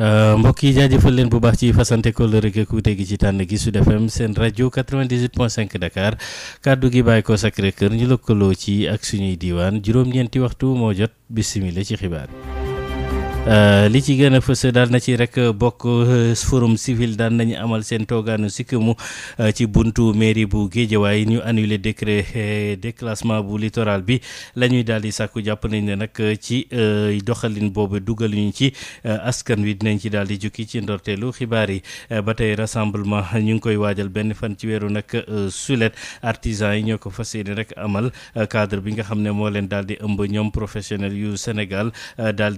Euh, mbokk yi jaajëfal leen bu baax ci fasante kóllëre ak kuute gi ci tànn gi Sud FM seen rajo 98.5 Dakar kàddu gi bàyyi ko Sacré Cœur ñu lëkkaloo ci ak suñuy diwaan juróom-ñeenti waxtu moo jot bisimila ci xibaar Euh, li ci gën a fës daal na ci rek bokk euh, forum civil daan nañu amal seen toogaanu sikkimu euh, ci buntu mairie bu géeje waaye ñu annulé décret déclassement bu littoral bi la ñuy daal di sàkku jàpp nañ ne nag ci doxalin boobu dugaluñu ci askan wi dinañ ci daal di jukki ci ndorteelu xibaar yi ba tey rassemblement ñu ngi koy waajal benn fan ci weeru nag sulet artisan yi ñoo ko fas yéene rek amal cadre bi nga xam ne moo leen daal di ëmb ñoom professionnel yu Sénégal daal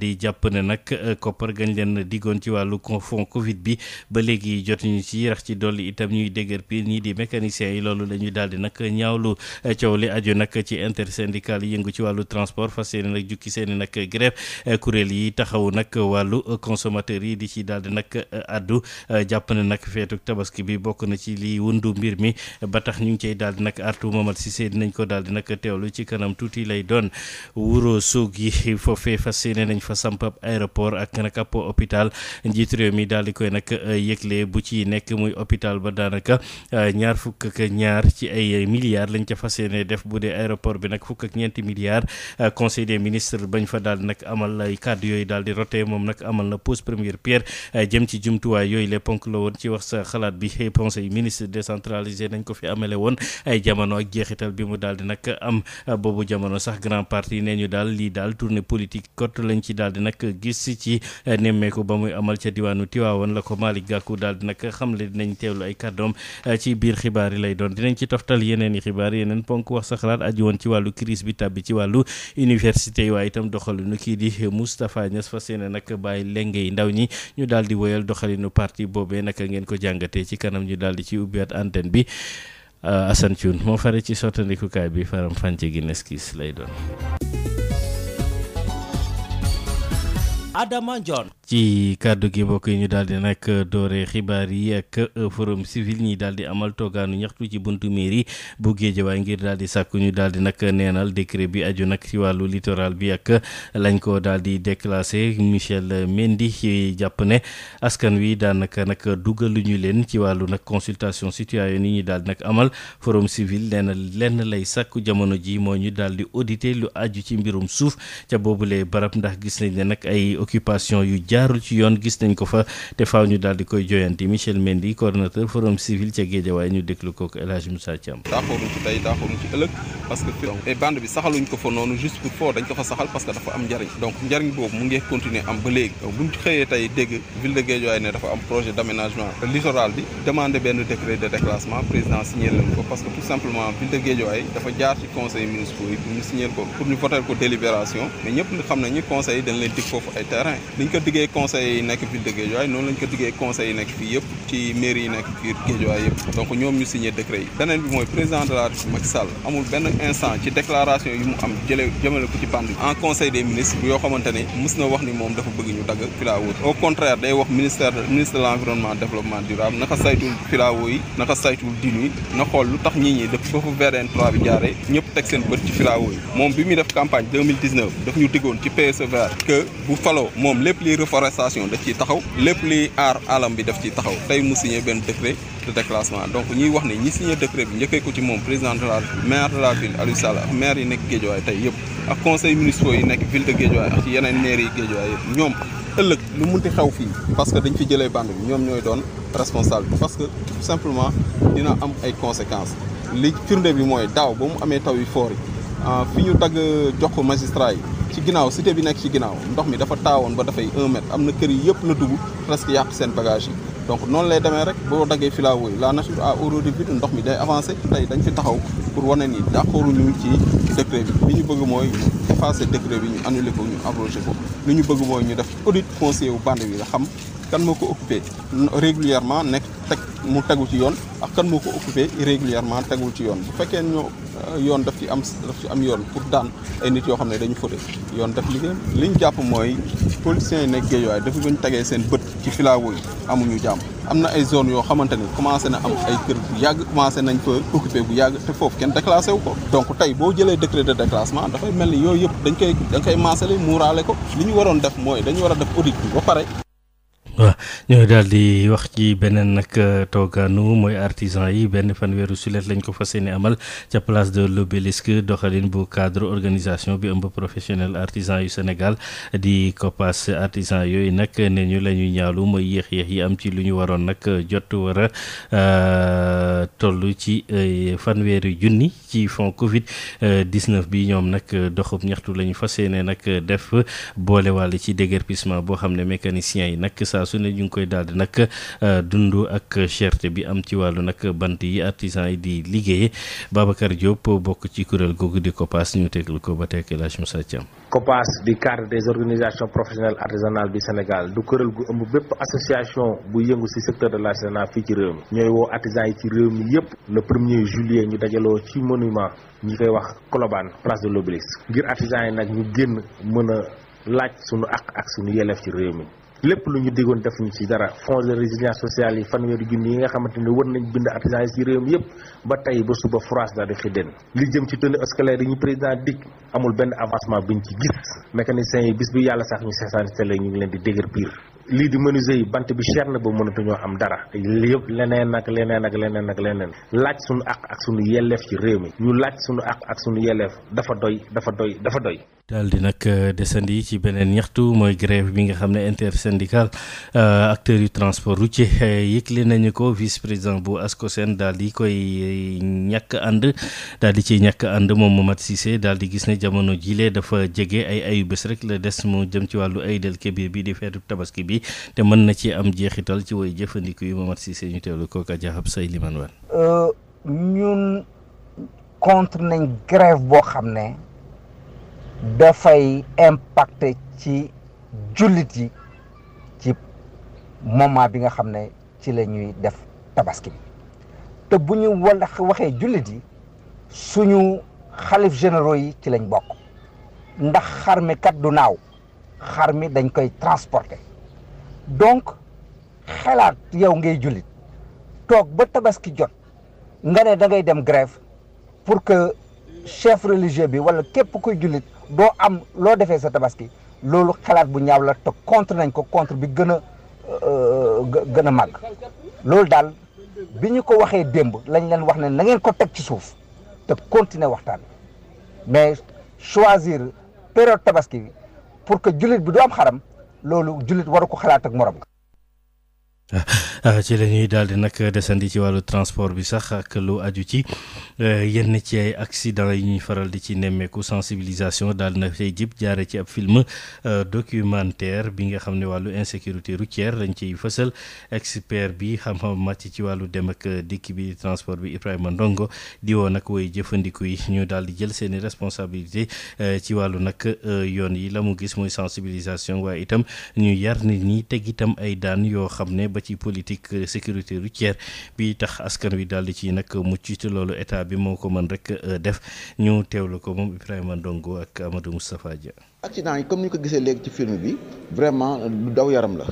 nag euh, koppar gañ leen diggoon ci wàllu fond Covid bi ba léegi jotuñu ci rax ci dolli itam ñuy dëgër piir ñii di mécaniciens yi loolu la ñuy daal nag ñaawlu euh, coow li aju nag ci intersyndical yi yëngu ci wàllu transport fas yéene nag jukki seen i nag grève euh, kuréel yi taxaw nag wàllu consommateur yi di ci daal di nag addu jàpp ne nag feetuk tabaski bi bokk na ci li wundu mbir mi ba tax ñu ngi cay daal di nag artu Mamadou Cissé dinañ ko daal di nag teewlu ci kanam tuuti lay doon wuro suug yi foofee fas yéene nañ fa samp ab aéroport ak nag ab hôpital njiit réew mi daal di koy nag euh, yëgle bu ci nekk muy hôpital ba daanaka euh, ñaar fukk ak ñaar ci ay milliards lañ ca fas yéene def bu dee aéroport bi nag fukk ak ñeenti milliards euh, conseil des ministres bañ fa daal di nag amal ay kàddu yooyu daal rote moom nag amal na pose première pierre jëm ci jumtuwaay yooyu les ponk la woon ci wax sa xalaat bi conseil ministre décentralisé nañ ko fi amale woon ay jamono ak jeexital bi mu daal di nag am boobu jamono journaliste ci eh, nemmeeku ba muy amal ca diwaanu Tiwaawan la ko Malick Gakou daal di nag xamle dinañ teewlu ay kàddoom eh, ci biir xibaar yi lay doon dinañ ci toftal yeneen i xibaar yeneen ponk wax sa xalaat aju woon ci wàllu crise bi tàbbi ci wàllu université yi itam doxalinu kii di Moustapha Niass fas yéene nag bàyyi leng yi ndaw ñi ñu daal di woyal doxalinu parti boobee naka ngeen ko jàngatee ci kanam ñu daal di ci ubbiwaat antenne bi eh, Assane Thioune moo fare ci sottandikukaay bi faram fànce gi neskis lay doon Adama Ndione ci kaddu gi mbokk yi ñu daal di nag doore xibaar yi ak forum civil ñi daal di amal toogaanu ñaxtu ci buntu mairie bu Géejawaay ngir daal di sàkku ñu daal di nag neenal décret bi aju nag ci wàllu littoral bi ak lañ ko daal di déclassé Michel Mendy ci jàpp ne askan wi daanaka nag duggaluñu leen ci wàllu nag consultation citoyenne yi ñu daal di nag amal forum civil nee na lenn lay sàkku jamono ji moo ñu daal di auditer lu aju ci mbirum suuf ca boobule barab ndax gis occupation yu jaarul ci yoon gis nañ ko fa te ñu daal koy joyanti Michel Mendy coordonnateur forum civil ca Guédiawaye ñu déglu ko El Hadj Moussa ci tey taxawuñ ci ëllëg parce que. bande bi saxaluñ ko fa noonu juste pour foo dañ ko saxal parce que dafa am njariñ donc njariñ boobu mu ngi continuer am ba léegi. donc buñ xëyee tey dégg ville de ne dafa am projet d'aménagement littoral bi demandé benn décret de déclassement président terrain niñ ko diggee conseil yi nekk ville de Guédiawaye noonu lañ ko diggee conseil yi nekk fii yëpp ci mairie yi nekk biir Guédiawaye yëpp donc ñoom ñu signé décret yi beneen bi mooy président de la République Macky Sall amul benn instant ci déclaration yu mu am jële jëmale ko ci pandémie en conseil des ministres bu yoo xamante ne mës na wax ni moom dafa bëgg ñu dagg filao au contraire day wax ministère de l'environnement développement durable naka naka saytul din moom lépp luy reforestation daf ciy taxaw lépp li aar alam bi def ci taxaw tey mu signé benn décret de déclassement donc ñuy wax ne ñi signé décret bi njëkkee ko ci moom président de la maire de la ville Aliou Sall maire yi nekk Guédiawaye tey yëpp ak conseil municipaux yi nekk ville de Guédiawaye ak ci yeneen maire yi Guédiawaye yëpp ñoom ëllëg lu munti xew fii parce que dañ fi jëlee bande bi ñoom ñooy doon responsable bi parce que simplement dina am ay conséquences li firnde bi mooy daaw ba mu amee taw yu foor yi ah, fi ñu dagg jox ko magistrat yi ci ginnaaw cité bi nekk ci ginnaaw ndox mi dafa taawoon ba dafay un am na kër yi yëpp la dugg presque yàq seen bagage yi donc noonu lay demee rek boo daggee filao yi la nature a horreur du vide ndox mi day avancé tey dañ fi taxaw pour wane ni d'accord ñu ci décret bi li ñu bëgg mooy effacer décret bi ñu annulé ko ñu abrogé ko lu ñu bëgg mooy ñu def audit foncier wu bande bi xam kan moo ko occupé régulièrement nekk teg mu tegu ci yoon ak kan moo ko occupé irrégulièrement tegul ci yoon bu fekkee ñoo euh, yoon daf ci am daf ci am yoon pour daan ay nit yoo xam ne dañu fauté yoon daf liggéeyam li ñu jàpp mooy policiers yi nekk Guédiawaye dafa bañ tegee seen bët ci filaawo yi amuñu jàmm am na ay zone yoo xamante ni commencé na am ay kër bu yàgg commencé nañ ko occupé bu yàgg te foofu kenn déclassé wu ko donc tey boo jëlee décret de déclassement dafay mel ni yooyu yëpp dañ koy dañ koy maasale muuraale ko li ñu waroon def mooy dañu war a def audit ba pare waaw ñooy daal di wax ci beneen nag euh, toogaanu mooy artisan yi benn fanweeru sulet lañ ko fas yéene amal ca place de l'obélisque doxalin bu cadre organisation bi ëmb professionnel artisan yu Sénégal di COPAS artisan yooyu nag ne ñu la ñuy ñaalu mooy yéex-yéex yi am ci lu ñu waroon nag jot wara a euh, toll ci euh, fanweeri junni ci fond Covid 19 bi ñoom nag doxub ñaxtu la ñu fas yéene nag def boolewaale ci déguerpissement boo xam ne mécaniciens yi nag saa su ne ñu ngi koy daal di nag euh, dund ak cherté bi am ci wàllu nag bant yi artisan yi di liggéey Babacar Diop bokk ci kuréel googu di COPAS ñu tegal ko ba tekk la Moussa Thiam. COPAS di cadre des organisations professionnelles artisanales bi Sénégal du kuréel gu ëmb bépp association bu yëngu si secteur de l'artisanat fii ci réew mi ñooy woo artisans yi ci réew mi yëpp le premier juillet ñu dajaloo ci monument ñi koy wax Colobane place de l'Obélisque ngir artisans yi nag ñu génn mën a laaj sunu àq ak sunu ci réew mi lépp lu ñu digoon defuñu ñu ci dara fonds de résilience sociale yi fanweeri junni yi nga xamante ne war nañ bind artisans yi ci réew mi yëpp ba tey ba suba France daal di xiddeen li jëm ci tenue scolaire yi ñu président dikk amul benn avancement ñu ci gis mécaniciens yi bis bi yàlla sax ñu seetaan télé ñu ngi leen di dégër piir lii di menuisier yi bant bi cher na ba mënatuñoo am dara li yëpp leneen ak leneen ak leneen ak leneen laaj suñu àq ak suñu yelleef ci réew mi ñu laaj suñu àq ak suñu yelleef dafa doy dafa doy dafa doy daal di nag euh, desandi ci beneen ñaxtu mooy grève bi nga xam ne intersyndical euh, acteurs yu transport routier euh, yëgle nañu ko vice président bu ASCOSEN daal di koy ñakk ànd daal di ci ñakk ànd moom Momat Cissé daal di gis ne jamono jile dafa jege ay ayu bés rek la des mu jëm ci wàllu ay del kebir bi di feetu tabaski bi te mën na ci am jeexital ci woy jëfandik yu Momat Cissé ñu teewlu ko ak Diakhab Say Liman Wane. ñun contre nañ grève boo xam ne. dafay impacté ci jullit yi ci moment bi nga xam ne ci la ñuy def tabaski bi te bu ñu wala waxee jullit yi suñu xalif généraux yi ci lañ bokk ndax xar mi kat du naaw xar mi dañ koy transporter donc xelaat yow ngay jullit toog ba tabaski jot nga ne da ngay dem grève pour que chef religieux bi wala képp kuy jullit doo am loo defee sa tabaski loolu xalaat bu ñaaw la te contre nañ ko contre bi gën a euh, gën a màgg loolu daal bi ñu ko waxee démb lañ leen wax ne na ngeen ko teg ci suuf te continuer waxtaan mais choisir période tabaski bi pour que jullit bi du am xaram loolu jullit waru ko xalaat ak morom Ah, ci la ñuy daal di nag desandi ci wàllu transport bi sax ak lu aju ci eh, yenn ci ay accident yi ñuy faral di ci nemmeeku sensibilisation daal na cay jib jaare ci ab film eh, documentaire bi nga xam ne wàllu insécurité routière lañ ciy fësal expert bi xam-xam màcc ci wàllu dem ak eh, dikk bi transport bi Ibrahima Ndongo diwoo woo nag woy jëfandiku yi ñu daal di jël seen i responsabilité ci wàllu nag yoon yi la mu gis mooy sensibilisation waaye itam ñu yar nit ñi teg itam ay daan yoo xam ne ba ci politique euh, sécurité routière bi tax askan wi daal di ci nag mucc te loolu état bi moo ko mën rek euh, def ñu teewlu ko moom Ibrahima Ndongo ak Amadou Moustapha Dia. accident yi comme ni ko gisee léegi ci film bi vraiment euh, lu daw yaram la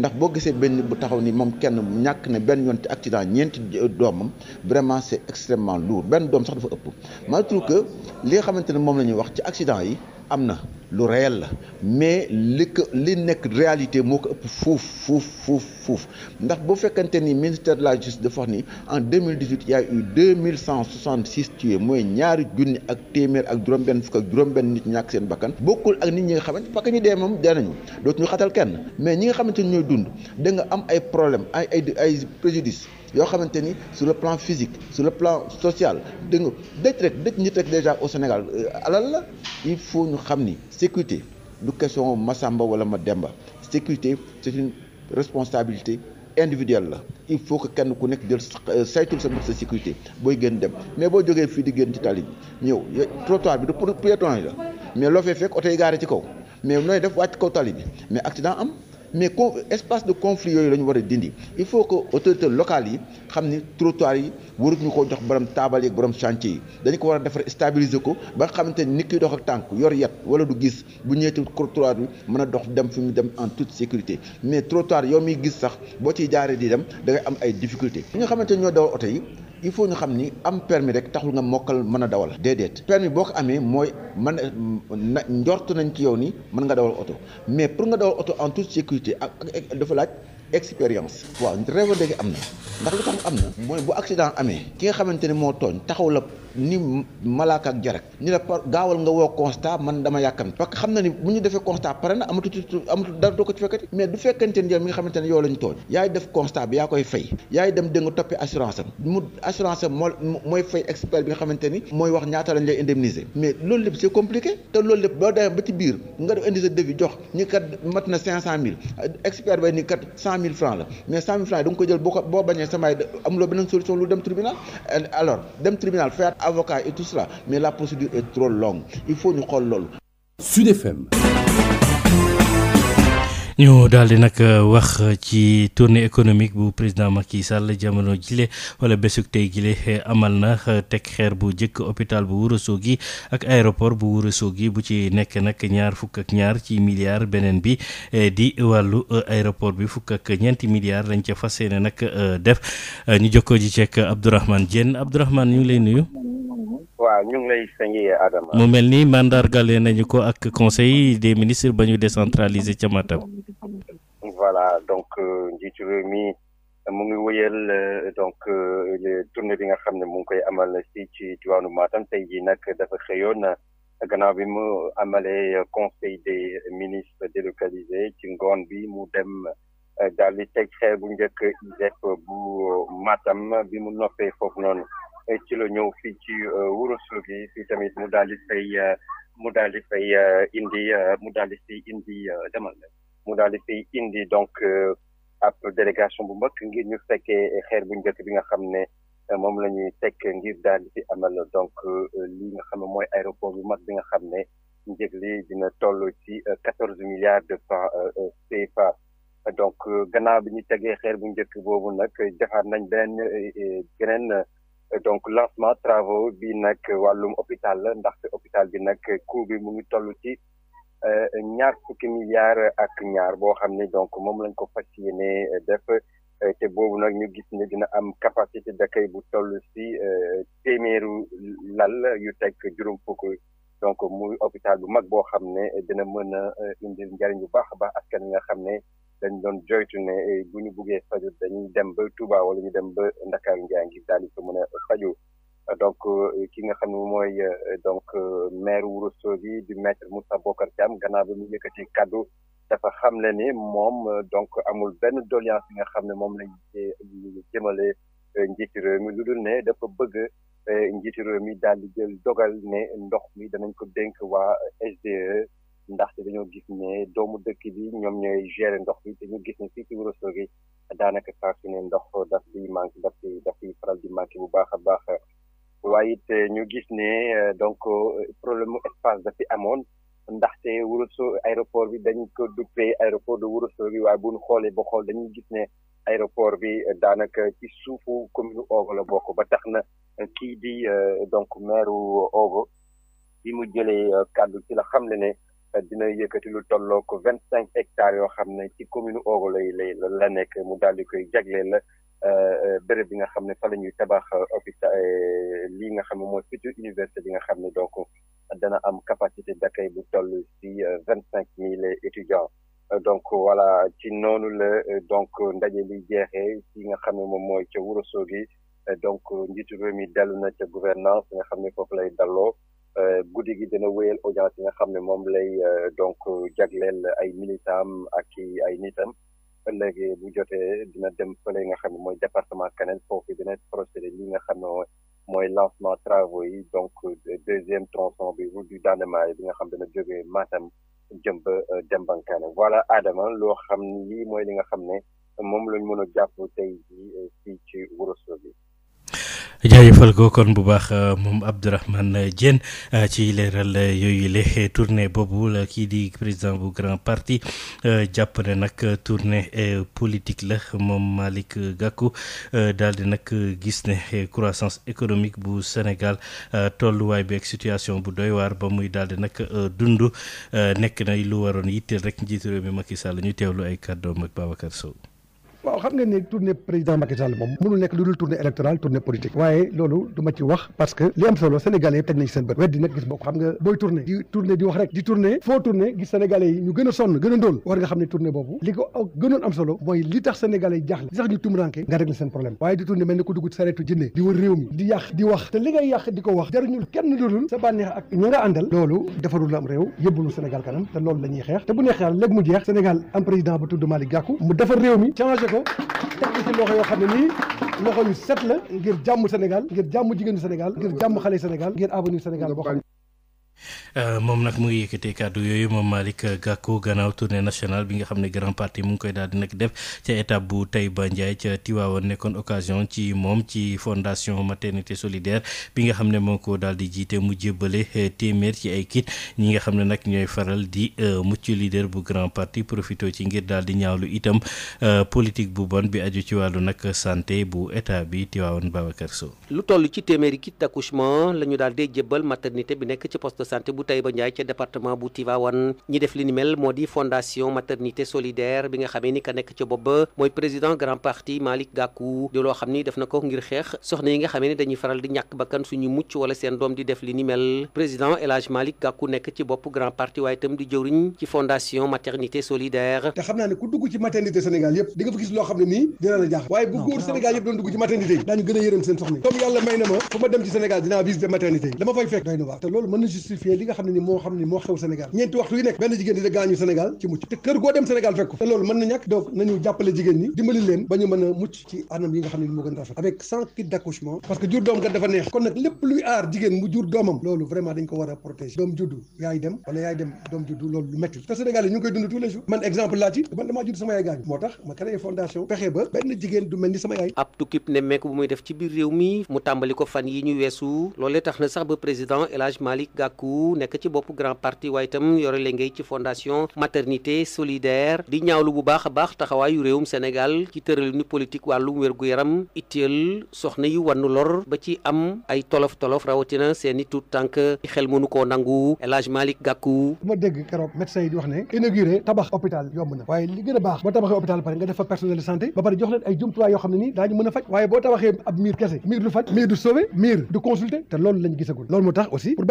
ndax boo gisee benn bu taxaw ni moom kenn ñàkk na benn yoon ci accident ñeenti doomam vraiment c'est extrêmement lourd benn doom sax dafa ëpp malgré que li nga xamante ne moom la ñuy wax ci accident yi. am na lu réel la mais li ko li nekk réalité moo ko ëpp fuuf fuuf fuuf ndax bu fekkante ni ministère de la justice dafa wax ni en 2018 il y a eu 2166 tués mooy ñaari junni ak téeméer ak juróom-benn fukk ak juróom-benn nit ñàkk seen bakkan bokkul ak nit ñi nga xamante parce que ñu dee moom dee nañu dootuñu xatal kenn mais ñi nga xamante ni ñooy dund da nga am ay problème ay ay ay préjudice yoo xamante ni su le plan physique sur le plan social dégg nga dëj rek dëj nit rek déjà au Sénégal euh, alal la il faut ñu xam ni sécurité du question Masamba wala demba sécurité c'est une responsabilité individuelle la il faut que kenn ku nekk jël euh, saytul sa bopp sa sécurité booy gën dem mais boo jógee fii di gën ci tali bi ñëw trottoir bi du pour piéton la mais loo fee fekk oto yi gaare ci kaw mais nooy def wàcc kaw tali bi mais accident am mais con espace de conflit yooyu lañu ñu a dindi il faut que autorités local yi xam ni trottoir yi waruñu ko jox borom taabal yeeg borom chantier yi dañu ko war a defar stabiliser ko ba nga xamante ni nit ki dox ak tànk yor yat wala du gis bu ñëwee trottoir bi mën a dox dem fi mu dem en tout sécurité mais trottoir yow miy gis sax boo ciy jaaree di dem da ngay am ay difficultés. ñi nga xamante ñoo dawal oto yi. il faut ñu xam ni am permis rek taxul nga mokkal mën a dawal déedéet permis boo ko amee mooy man na njort nañ ci yow ni mën nga dawal oto mais pour nga dawal oto en tout sécurité ak dafa laaj expérience waaw réew dégg am na ndax lu tax am na mooy bu accident amee ki nga xamante ne moo tooñ taxaw la ni malaaka ak jarak ni la par gaawal nga woo constat man dama yàkkamti parce que xam na ni bu ñu defee constat pare na amatu amatu dara doo ko ci fekkati mais du fekkante ne yow mi nga xamante ne yow lañ tooñ yaay def constat bi yaa koy fay yaay dem dégg toppi assurance am mu assurance am moo mooy fay expert bi nga xamante ni mooy wax ñaata lañ lay indemniser mais loolu lépp c'est loolu lépp boo demee ba ci biir nga def indi sa devis na cinq cent mille expert bay ni mille francs la mais mille francs yi da jël boo ko boo bañee samay amuloo beneen solution lu dem tribunal euh, alors dem tribunal fayaat avocat et tout cela mais la procédure est trop longue il faut ñu xool loolu Sud FM ñu daal di nag euh, wax ci tournée économique bu président Macky Sall jamono jile wala bésuk tey jile euh, amal na euh, teg xeer bu jëkk hôpital bu Ourossogui ak aéroport bu Ourossogui bu ci nekk nag ñaar fukk ak ñaar ci milliards beneen bi di wàllu aéroport bi fukk ak ñeenti milliards lañ ca fas yéene nag def ñu jokkoo ji ceek Abdourahmane Diène Abdourahmane ñu ngi lay nuyu. waaw ñu lay sëñ Adama. mu mel ni mandargale nañu ko ak conseil des ministres ba ñu décentralisé ca Matam. voilà donc euh, njiitu réew mi mu ngi wëyal euh, donc euh, tournée bi nga xam ne mu ngi koy amal si ci diwaanu Matam tey jii nag dafa xëyoon gannaaw bi mu amalee conseil des ministres délocalisé ci ngoon bi mu dem daal di teg xeer bu njëkk ISEP bu Matam bi mu noppee foofu noonu. Eh, ci la ñëw fii ci eh, Ourossogui fii tamit mu daal di fay eh, mu daal di fay indi mu daldi di fay indi demal mu daal di fay indi donc ab délégation bu mag ngir ñu fekkee xeer bu njëkk bi nga xam ne moom la ñuy teg ngir daal di fi amal donc li nga xam ne mooy aéroport bu mag bi nga xam ne njëg li dina toll ci quatorze milliards de francs CFA donc gannaaw bi ñu tegee xeer bu njëkk boobu nag defaat nañ benn geneen donc lancement travaux bi nag wàllum hôpital la ndaxte hôpital bi nag coût bi mu ngi toll ci euh, ñaar fukki milliards ak ñaar boo xam ni donc moom lañ ko fas yéene def euh, te boobu nag ñu gis ne dina am capacité d'accueil bu toll ci euh, téeméeru lal yu teg juróom fukk donc muy hôpital bu mag boo xam ne dina mën a indil njariñ bu baax a baax askan wi nga xam ne dañ doon joytu ne eh, bu ñu buggee faju dañuy dem ba Touba wala ñu dem ba Ndakaar njaay ngir daal di ko mën a faju donc eh, ki nga xam ne mooy eh, donc maire Wuro Sogi di maître Moussa Bokar Thiam gannaaw ba mu yëkkati kaddu dafa xamle ni moom donc amul benn doléance yi nga xam ne moom lañ jëmale njiiti réew mi lu dul ne dafa bëgg njiiti réew mi daal di jël dogal ne ndox mi danañ ko dénk waa SDE. ndaxte dañoo gis ne doomu dëkk bi ñoom ñooy gérer ndox bi te ñu gis ne fii ci Wuro Sogi daanaka saa su ne ndox daf di manqué daf di daf di faral di manqué bu baax a baax waaye it eh, ñu gis ne eh, donc eh, problème mu espace dafi amoon ndaxte Wuro Sogi aéroport bi dañ ko duppee aéroport de Wuro Sogi waaye bu ñu xoolee ba xool dañuy gis ne aéroport bi daanaka ci suufu commune Ogo la bokk ba tax na kii di donc maire Ogo bi mu jëlee kàddu ci la xam ne ne dina yëkkati lu tolloo ko vingt cinq hectares yoo xam ne ci commune Ogo lay lay la nekk mu daal di koy jagleel la euh, euh, béréb bi nga xam ne fa la ñuy tabax hôpital euh, lii nga xam ne mooy future université bi nga xam ne donc dana am capacité d'accueil bu toll ci vingt cinq mille étudiants donc voilà ci noonu la donc ndaje li jeexee ci nga xam ne moom mooy ca Ourossogui donc njiitu réew mi dellu na ca gouvernance nga xam ne foofu lay dalloo Euh, guddi gi dina wéyal audience yi nga xam ne moom lay euh, donc jagleel ay militam ak ay nitam léegi bu jotee dina dem fa fële nga xam ne mooy département Kanel foofu dina procédé li nga xam ne mooy lancement travaux yi donc euh, deuxième tronçon bi route du Dandemaay bi nga xam dana jóge Matam jëm ba Dembankaane voilà Adama loo xam ni lii mooy li nga xam ne moom lañ mën a jàpp tey jii ci jaajëfal ko kon bu baax euh, moom Abdourahmane Diène euh, ci leeral yooyule le tournée boobu la kii di président bu grand parti euh, jàpp ne nag tournée politique la moom Malick Gakou daal di nag gis ne croissance économique bu Sénégal tolluwaay bi ak situation bu doy waar ba muy daal di nag dund nekk na lu waroon yitteel rek njiitu réew mi Macky Sall ñu teewlu ay kàddoom ak Babacar Sow. waaw xam nga ne tournée président Macky Sall moom mënul nekk lu dul tournée électorale tournée politique waaye loolu du ma wax parce que li am solo sénégalais yëpp teg nañ seen bët weddi gis bokk xam nga booy tournée di wax rek di tournée foo tournée gis sénégalais yi ñu gën a sonn gën a ndóol war nga xam ne tournée boobu li ko gënoon am solo mooy li tax sénégalais yi jaaxle li ñu tumuranke nga régler seen problème waaye di tournée mel ni ko sareetu jinne di wër réew mi di yàq di wax te loolu la ñuy xeex te bu neexee léegi mu jeex Sénégal am président ko teg loxo yoo xam ne nii loxo yu set la ngir jàmm Sénégal ngir jàmm jigéenu Sénégal ngir jàmm xale Sénégal ngir avenir Sénégal boo xam Euh, moom nag mu ngi yëkkatee kàddu yooyu moom Malick Gakou gannaaw tournée nationale bi nga xam ne grand parti mu ngi koy daal di nag def ca étape bu Taïba Ndiaye ca Tiwaawan nekkoon occasion ci moom ci fondation maternité solidaire bi nga xam ne moo ko daal di jiite mu jébbale euh, téeméer ci ay kiit ñi nga xam ne nag ñooy faral di euh, mucc leader bu grand parti profité ci ngir daal di ñaawlu itam politique bu bon bi aju ci wàllu nag santé bu état bi Tiwaawan Babacar Sow. lu santé bu Taïba Ndiaye ca département bu Tivaouane ñi def li ni mel moo di fondation maternité solidaire bi nga xamee ni ka nekk ca bopp mooy président grand parti Malick Gakou di loo xam ni def na ko ngir xeex soxna yi nga xamee ni dañuy faral di ñàkk bakkan suñu mucc wala seen doom di def li ni mel président El Hadj Malick nekk ci bopp grand parti waaye itam di jëwriñ ci fondation maternité solidaire. te xam naa ne ku dugg ci maternité Sénégal yëpp di nga fa gis na ma fu sacrifier li nga xam ne ni moo xew Sénégal ñeenti waxtu yu nekk benn jigéen dina gaañu Sénégal ci mucc te kër goo dem Sénégal fekk te loolu mën na ñàkk donc nañu jàppale jigéen ñi dimbali leen ba ñu mën a mucc ci anam yi nga xam ne ni moo gën a rafet avec cent d'accouchement parce que jur doom kat dafa neex kon nag lépp luy aar jigéen mu jur doomam loolu vraiment dañ ko war a protéger doom juddu yaay dem wala yaay dem doom juddu loolu lu te Sénégal Gakou nekk ci bopp grand parti waaye itam yore liggéey ci fondation maternité solidaire di ñaawlu bu baax a baax taxawaayu réewum Sénégal ci tëralinu politique wàllum wér-gu-yaram itteel soxna yi wannu lor ba ci am ay tolof tolof rawatina seeni tuut tànk xel mënu koo nangu El Hadj Malick Gakou. dégg keroog médecin yi di wax ne inauguré tabax hôpital yomb na waaye li gën a baax boo tabaxee hôpital pare nga def fa personnel de santé ba pare jox leen ay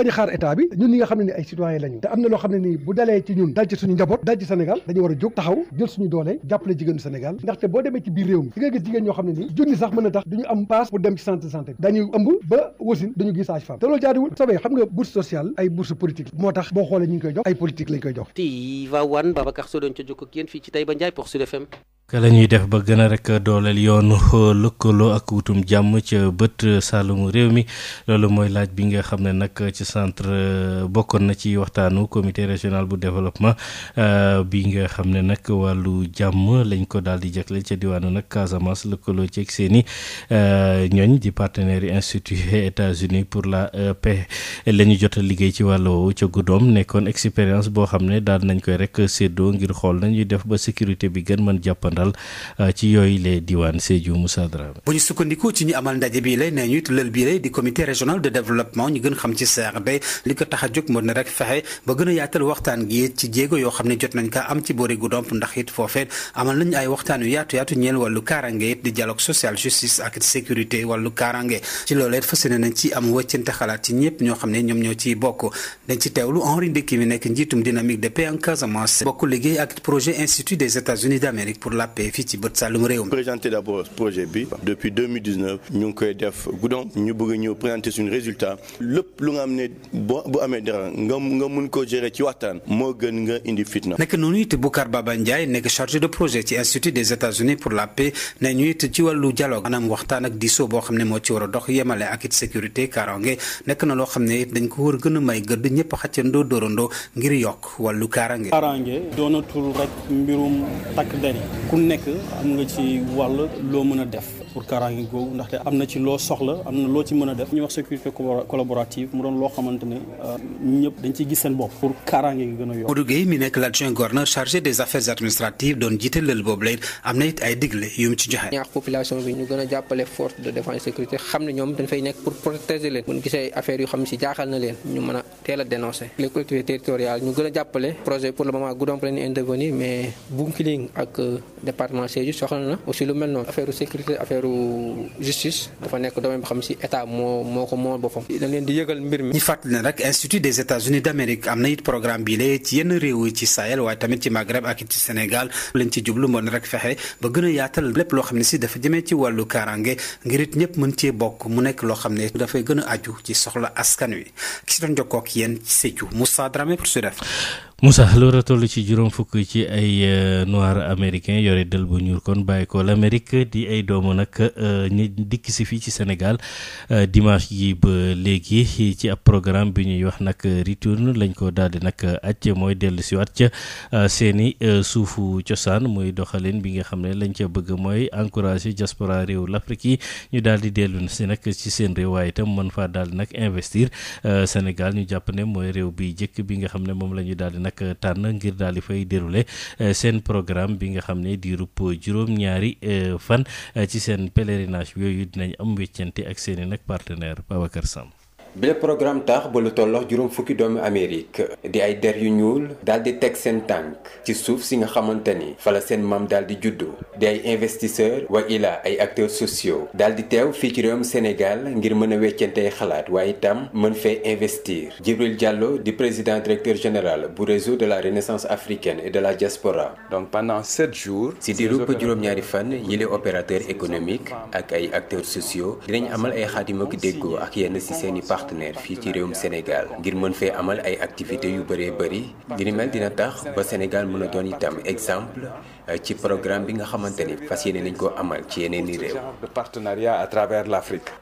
a faj a bi ñun ñi nga xam ne ni ay citoyen lañu te am na loo xam ne nii bu dalee ci ñun dal ci suñu njaboot dal ci Sénégal dañu war a jóg taxaw jël suñu doole jàppale jigéenu Sénégal ndaxte boo demee ci biir réew mi di nga gis jigéen ñoo xam ne nii junni sax mën a tax duñu am paas pour dem ci centre santé dañuy ëmb ba wasin dañu gis sage femme te loolu jaaduwul sabee xam nga bourse sociale ay bourse politique moo tax boo xoolee ñu ngi koy jox tii Tivaouane Babacar Sow ka la ñuy def ba gën a rek dooleel yoonu lëkkaloo ak wutum jàmm ca bët saalumu réew mi loolu mooy laaj bi nga xam ne nag ci centre euh, bokkoon na ci waxtaanu comité régional bu développement euh, bi nga xam ne nag wàllu jàmm lañ ko daal di jagleel ca diwaanu nag Casamance lëkkaloo ci ak seeni euh, ñooñ di partenaire yi institut États-Unis pour la paix la ñu jotal liggéey ci wàllu woowu ca guddoom nekkoon expérience boo xam ne daal nañ koy rek séddoo ngir xool nañuy def ba sécurité bi gën mën jàppandal àndal eh, ci yooyu les diwaan Sédhiou Moussa Dramé. bu ñu sukkandiku ci ñi amal ndaje bii lay nee ñu it lël bii lay di comité régional de développement ñu gën xam ci CRD li ko tax a jóg moo ne fexe ba gën a yaatal waxtaan gi ci jéego yoo xam ne jot nañ kaa am ci boori gu domp ndax it amal nañ ay waxtaan yu yaatu yaatu ñeel wàllu kaarange di dialogue social justice ak sécurité wàllu kaarange ci loolee it fas yéene ci am wëccante xalaat ci ñëpp jàppee fii ci bët sàllum réew mi. présenté d' abord projet bi depuis 2019 ñu ngi koy def guddoon ñu bëgg nga mun koo gérer ci waxtaan moo gën nga indi fitna. nekk noonu it Boucar Baba Ndiaye nekk chargé de projet ci institut des États-Unis pour la paix ne ñu it ci wàllu dialogue maanaam waxtaan ak diisoo boo xam ne moo ci war a dox yemale ak it sécurité kaaraange nekk na loo xam ne dañ ko war a gën a may gëdd ñëpp xàccandoo doorandoo ngir yokk wàllu kaaraange. kaaraange doonatul rek mbirum takk der nekk am nga ci wàll loo mën a def pour kaaraange googu ndaxte am na ci loo soxla am na loo ci mën a def ñu wax sécurité collaborative mu doon loo xamante ne euh, ñëpp dañ ciy gis seen bopp pour kaaraange gi gën a yokk. Modou Gueye a jàppale force de défense et sécurité xam ne ñoom dañ fay nekk pour protéger leen. bu gisee affaire yoo xam ne jaaxal na leen ñu mën a teel dénoncer. les collectivités ñu gën a jàppale projet pour le moment Goudomp la ñu mais Bounkiling ak euh, département Sédhiou soxla affaire justice dafa nekk domaine boo xam si état moo moo ko moo boppam. dañ leen di yëgal mbir mi. ñu fàttali ne rek institut des États-Unis d'Amérique am na it programme bii la ci yenn réew yi ci Sahel waaye tamit ci Maghreb ak ci Sénégal lañ ci jublu mboon rek fexe ba gën a yaatal lépp loo xam ne si dafa jëmee ci wàllu kaaraange ngir it ñëpp mën cee bokk mu nekk loo xam ne dafay gën a aju ci soxla askan wi ki si doon jokkoo ak yéen Sédhiou Moussa Dramé pour Sud Moussa lu war toll ci juróom fukk ci ay euh, noir américain yore dël bu ñuul kon bàyyi ko l'Amérique di ay doomu nag euh, ñu dikk si fii ci Sénégal euh, dimanche yi ba léegi ci ab programme bi ñuy wax nag retourne lañ ko daal di nag acc mooy dellu siwaat ca seen i suufu cosaan muy doxalin bi nga xam ne lañ ca bëgg mooy encourager diaspora réew l'Afrique yi ñu daal di dellu si nag ci seen réew waaye itam mën faa daal di nag investir Sénégal ñu jàpp ne mooy réew bi jëkk bi nga xam ne la ñu daal di nag tànn ngir daal di fay dérouler euh, seen programme bi nga xam ne di diirub juróom-ñaari euh, fan euh, ci seen pèlerinage yooyu dinañ am weccante ak seen i nag partenaire Babacar Samb bile programme tax ba lu tollox juróom fukki doomu Amérique di ay der yu ñuul daal di teg seen tànk ci suuf si nga xamante ni fala seen maam daal di juddu di ay investisseurs wa ila ay acteurs sociaux daal di teew fii ci réewum Sénégal ngir mën a weccantey xalaat waaye itam mën fee investir Djibril Diallo di président directeur général bu réseau de la Renaissance africaine et de la diaspora donc pendant sept jours si diirub juróom-ñaari fan yile opérateur économique ak ay dinañ amal ay xaatima ko déggoo ak yenn si seeni partenaires partenaire fii ci réewum Sénégal ngir mën fee amal ay activités yu bëree bëri li mel dina tax ba Sénégal mën a doon itam exemple euh, ci programme bi nga xamante ni fas yéene nañ koo amal ci yeneen i réew. de partenariat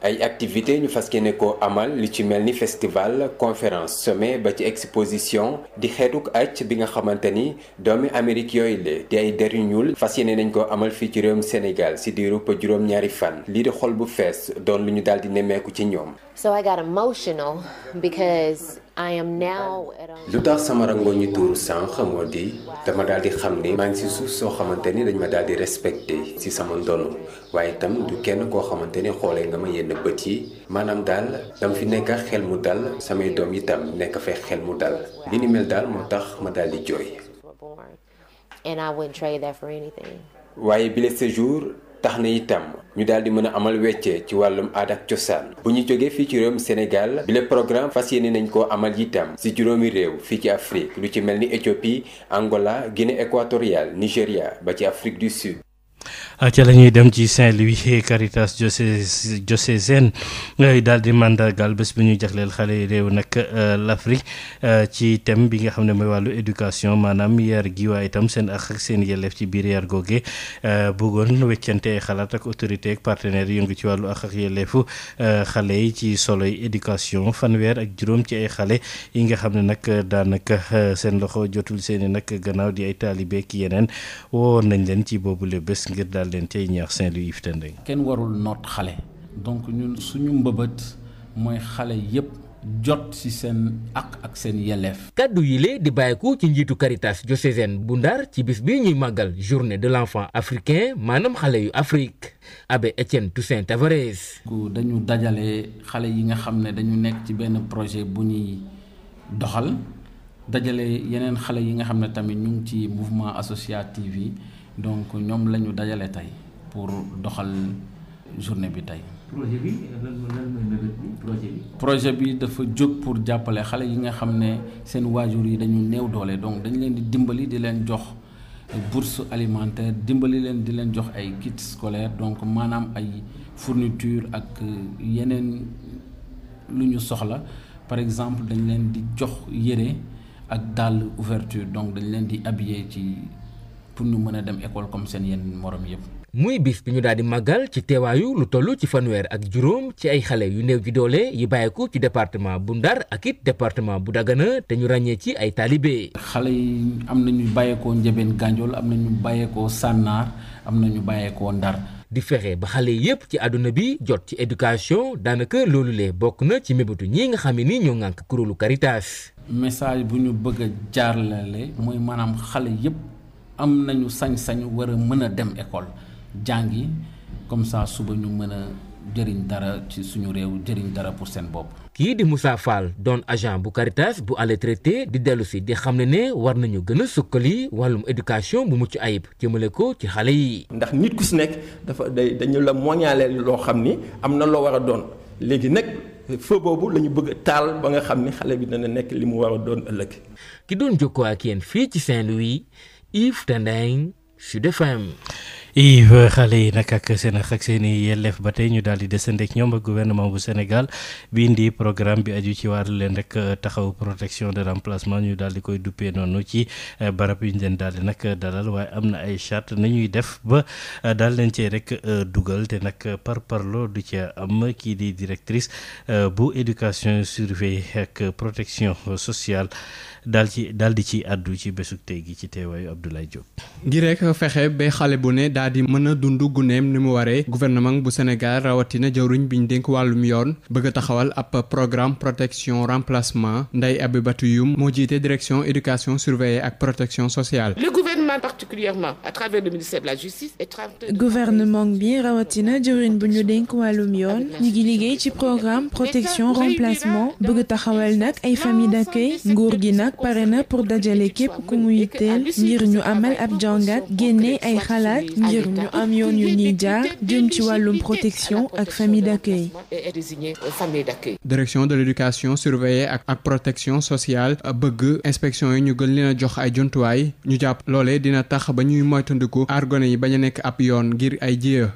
ay activités ñu fas yéene koo amal lu ci mel ni festival conférence sommet ba ci exposition di xeetuk acc bi nga xamante ni doomi Amérique yooyu la di ay der ñuul fas yéene nañ koo amal fii ci réewum Sénégal si diiru juróom-ñaari fan lii di xol bu fees doon lu ñu daal di nemmeeku ci ñoom. emotional lu tax sama rango ñu tuuru sànq moo di dama daal di xam ni maa ngi si suuf soo xamante ni dañ ma daal di respecté si sama ndono waaye itam du kenn koo xamante ni xoolee nga ma yenn bët yi maanaam daal dama fi nekk xel mu dal samay doom itam nekk fee xel mu dal li ni mel daal moo tax ma daal di jooy. waaye bile séjour tax na itam ñu daal di mën a amal wecce ci wàllum aada cosaan bu ñu jógee fii ci réewum Sénégal bile programme fas yéene nañ koo amal itam si juróomi réew fii ci Afrique lu ci mel ni Éthiopie Angola Guinée équatoriale Nigéria ba ci Afrique du Sud. Ah, ca la ñuy dem ci Saint-Louis Caritas diocésaine diocésaine eh, daal di mandargal bés bu ñuy jagleel xale réew nag eh, l'Afrique eh, ci thème bi nga xam ne mooy wàllu éducation maanaam yar gi waaye itam seen ak ak seen yelleef ci biir yar googe bëggoon weccante xalaat ak autorité ak yoo yëngu ci wàllu ak ak yelleefu xale yi ci solo yi éducation fanweer ak juróom ci ay xale yi nga xam ne nag daanaka seen loxo jotul seen i nag gannaaw di ay taalibe ki yeneen woon nañ leen ci boobu le bés ngir daal dal den tey ñeex Saint-Louis iftandeng kenn warul noot xale donc ñun suñu mbëbët mooy xale yépp jot ci seen ak ak seen yelleef. kàddu yi lee di bàyyeeku ci njiitu Caritas diocésaine bu Ndar ci bis bi ñuy màggal journée de l'enfant africain maanaam xale yu Afrique abbé Étienne Toussaint Tavares. dañu dajale xale yi nga xam ne dañu nekk ci benn projet bu ñuy doxal dajale yeneen xale yi nga xam ne tamit ñu ci mouvement associatif yi. donc ñoom la ñu dajale tey pour doxal journée bi tey. projet bi projet bi. dafa jóg pour jàppale xale yi nga xam ne seen waajur yi dañu néew doole donc dañu leen di dimbali di leen jox bourse alimentaire dimbali leen di leen jox ay kits scolaires donc maanaam ay fourniture ak yeneen lu ñu soxla par exemple dañ leen di jox yére ak dàll ouverture donc dañ leen di habillé ci. pour ñu mën a dem école comme seen yenn morom yëpp. muy bis bi ñu daal di màggal ci teewaayu lu toll ci fanweer ak juróom ci ay xale yu néew ji doole yi bàyyeeku ci département bu Ndar ak it département bu daggana te ñu ràññee ci ay taalibe. xale yi am na ñu bàyyeekoo Njëbeen Gànjool am na ñu bàyyeekoo Sànnaar am na ñu bàyyeekoo Ndar. di fexe ba xale yépp ci àdduna bi jot ci éducation daanaka loolu le bokk na ci mébétu ñi nga xam ne ni ñoo ŋànk kuréelu Caritas. message bu ñu bëgg a jaarale mooy maanaam xale yépp am na ñu sañ-sañ war a mën a dem école jàngi comme ça suba ñu mën a jëriñ dara ci suñu réew jëriñ dara pour seen bopp. kii di Moussa faal doon agent bu Caritas bu allé traité di dellu si di xam ne ne war nañu gën a sukkali wàllum éducation bu mucc ayib jëmale ko ci xale yi. ndax nit ku si nekk dafa day dañu la moñaale loo xam ni am na loo war a doon léegi nag feu boobu la ñu bëgg taal ba nga xam ni xale bi dana nekk li mu war a doon ëllëg. ki doon jokkoo ak if the name Sud i xale yi nag ak seen ak yelleef ba tey ñu daal di desandeek ñoom ak gouvernement bu Sénégal bi indi programme bi aju ci waar leen rek euh, taxaw protection de remplacement ñu daal di koy duppee noonu ci euh, barab yu ñu leen daal di nag dalal waaye am na ay charte na ñuy def ba euh, daal leen cee rek dugal te nag par parlo du ci am kii di directrice bu éducation surveillée ak protection sociale dal ci daal di ci àddu ci bésug tey gi ci teewaayu Abdoulaye Diop. ngir rek daal di mën a dund gunéem ni mu waree gouvernement bu Sénégal rawatina jawriñ bi ñu dénk wàllum yoon bëgg a taxawal ab programme protection remplacement Ndeye Abibatou Youm moo jiite direction éducation surveillée ak protection sociale. Le gouvernement particulièrement à travers le ministère de la justice liggéey ci programme protection remplacement bëgg taxawal nag ay famille d'accueil nguur gi nag pare na pour dajale képp ku muy teel ngir ñu amal ab jàngat génne ay xalaat. njëriñu am yoon yu ñuy jaar jëm ci wàllum protection ak famille d'accueil. direction de l'éducation surveiller ak ak protection sociale bëgg inspection yi ñu gën leen a jox ay jumtuwaay ñu jàpp loole dina tax ba ñuy moytandiku argone gone yi bañ a nekk ab yoon ngir ay jiya.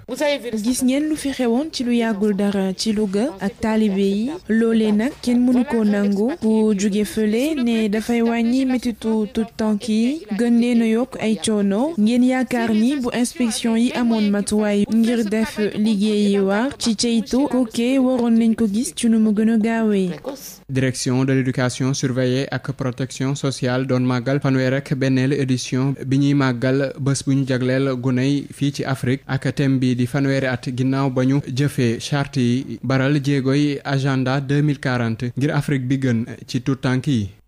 gis ngeen lu fi xewoon ci lu yàggul dara ci Louga ak taalibe yi loolee nag kenn mënu ko nangu ku jóge fële ne dafay wàññi métitu tout tànk yi gën leen a yokk ay coono ngeen yaakaar ni bu inspection yi amoon matuwaay ngir def liggéey yi ci ceytu nañ ko gis ci nu mu gën a gaawee. direction de l'éducation surveillée ak protection sociale doon màggal fanweer ak benneelu édition bi ñuy màggal bés bu ñu jagleel guney fii ci Afrique ak thème bi di fanweeri at ginnaaw ba ñu jëfee chart yi baral jéegoy agenda 2040 ngir Afrique bi gën ci tuutànk yi.